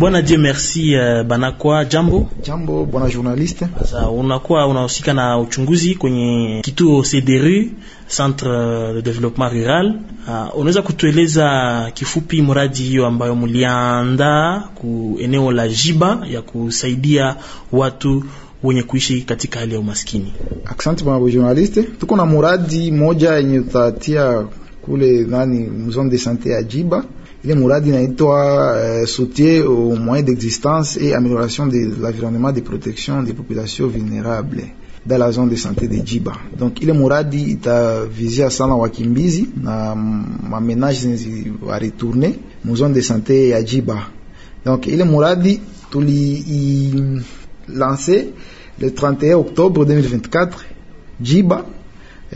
Bwana Dieu merci. Uh, banakwa jambo jambo, bwana journaliste. Sasa unakuwa unahusika na uchunguzi kwenye kituo CDRU, Centre de Développement Rural. Uh, unaweza kutueleza kifupi mradi hiyo ambayo mulianda ku eneo la Jiba ya kusaidia watu wenye kuishi katika hali ya umaskini? Asante bwana journaliste, tuko na muradi moja yenye tutatia kule nani zone de santé ya il Ile muradi inaitwa euh, soutien moyens d'existence et amélioration de l'environnement de protection des populations vulnérables dans la zone de santé de Djiba. Donc ile muradi itavizia sana wakimbizi na mamenage zenye retourner mu zone de santé ya Djiba. Donc ile muradi tuli lancé le 31 octobre 2024 Djiba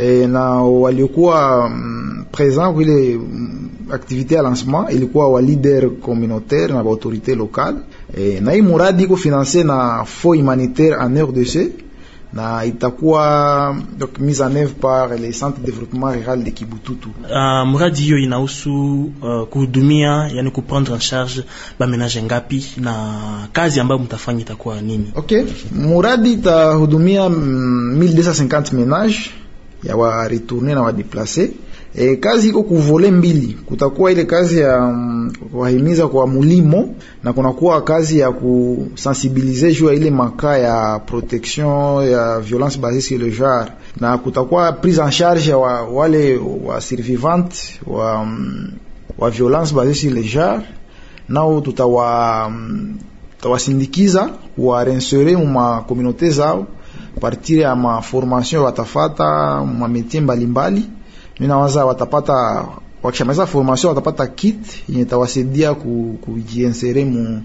au na waliokuwa mm, présent les mm, activité à lancement il quoi wa leader communautaire une autorité locale et na hii muradi iko financé na fond humanitaire en RDC na itakuwa donc mise en œuvre par les centres de développement rural de Kibututu. Uh, mradi hiyo inahusu uh, kudumia, yani prendre en charge ménages ngapi na kazi ambayo mtafanya itakuwa nini? Okay, ta hudumia 1250 ménages ya retourner na déplacer E, kazi iko kuvole mbili, kutakuwa ile kazi ya mm, kuwahimiza kwa mulimo na kunakuwa kazi ya kusensibilize juu ya ile maka ya protection ya violence basée sur le genre, na kutakuwa prise en charge ya wa, wale wa survivante wa, mm, wa violence basée sur le genre, nao tutawa mm, tutawasindikiza kuwarensere mu komunote zao partir ya maformation watafata muma metie mbalimbali mbali Ninawaza watapata wakishamaliza formation watapata kit yenye tawasaidia kujiensere mu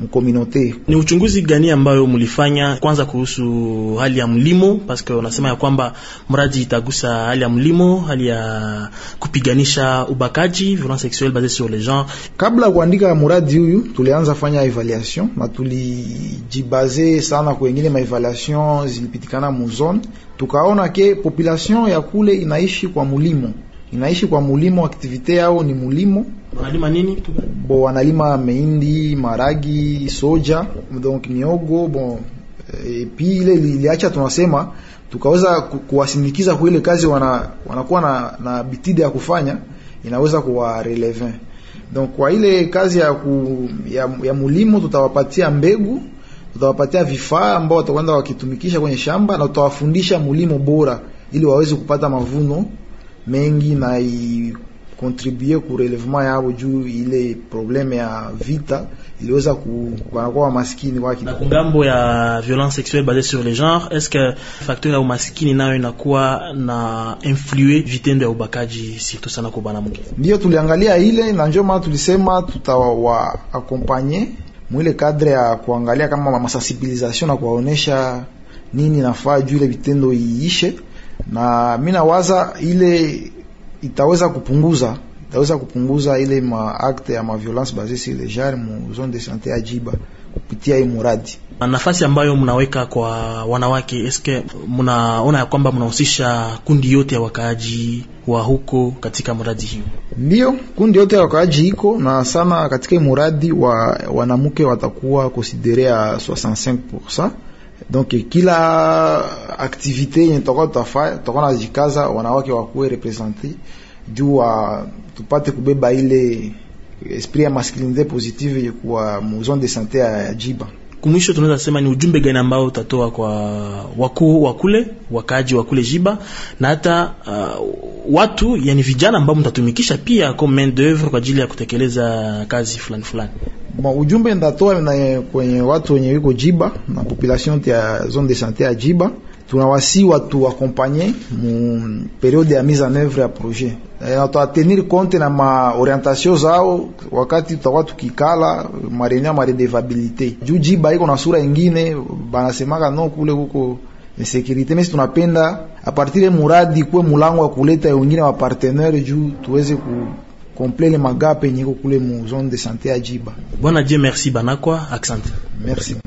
mkominote. Ni uchunguzi gani ambayo mlifanya kwanza kuhusu hali ya mlimo? Paske unasema ya kwamba mradi itagusa hali ya mlimo, hali ya kupiganisha ubakaji, violence sexuelle basée sur les genre. Kabla ya kuandika mradi huyu, tulianza fanya evaluation na tulijibaze sana kwengine maevaluation zilipitikana muzone, tukaona ke population ya kule inaishi kwa mulimo, inaishi kwa mulimo, aktivite yao ni mulimo Wanalima nini? Bo wanalima mahindi, maragi, soja, donc miogo bon e, eh, pi ile iliacha tunasema tukaweza kuwasindikiza kwa ile kazi wana, wanakuwa na, na bitide ya kufanya inaweza kuwa relevant. Donc kwa ile kazi ya, ku, ya, ya mulimo tutawapatia mbegu, tutawapatia vifaa ambao watakwenda wakitumikisha kwenye shamba na tutawafundisha mulimo bora ili waweze kupata mavuno mengi na i, kukontribue ku relevement yao juu ile probleme ya vita iliweza wanakuwa wamaskini waki. Na kungambo ya violence sexuelle basée sur le genre, est-ce que facteur ya umaskini nayo inakuwa na influe vitendo ya ubakaji surtout sana kwa banamuke? Ndio tuliangalia ile na njo maana tulisema tutawa accompagner mwile kadre ya kuangalia kama masensibilisation na kuwaonesha nini nafaa juu ile vitendo iishe, na mimi nawaza ile itaweza kupunguza itaweza kupunguza ile ma acte ya ma violence basée sur les genre mu zone de santé ya Jiba kupitia hii muradi. Nafasi ambayo mnaweka kwa wanawake, eske mnaona ya kwamba mnahusisha kundi yote ya wakaaji wa huko katika muradi hiyo? Ndio, kundi yote ya wakaaji iko na sana katika muradi wa wanamke watakuwa considerea 65% Donc kila activity yenye tutakuwa tutafanya tutakuwa najikaza wanawake wakuwe represente euh, juu wa tupate kubeba ile esprit ya masculinite positive kwa muzone de sante ya Jiba. Kumwisho, tunaweza sema ni ujumbe gani ambao utatoa kwa wakuu wa kule wakaaji wa kule Jiba na hata uh, watu yani vijana ambao mtatumikisha pia comme main d'oeuvre kwa ajili ya kutekeleza kazi fulani fulani? Bon, ujumbe ndatoa na kwenye watu wenye wiko Jiba na population ya zone de santé ya Jiba, tunawasi watu akompanye mu periode ya mise en oeuvre ya projet eh, na tenir compte na ma orientation zao wakati tutakuwa tukikala marenia maredevabilite juu Jiba iko na sura ingine, banasemaka no kule kuko insekurite mais tunapenda apartire muradi kuwe mulango wa kuleta wengine wa partenaire juu tuweze ku komplele magape nyiko kule mon zone de santé à Djiba. Bon Dieu merci banakwa, accent. Merci.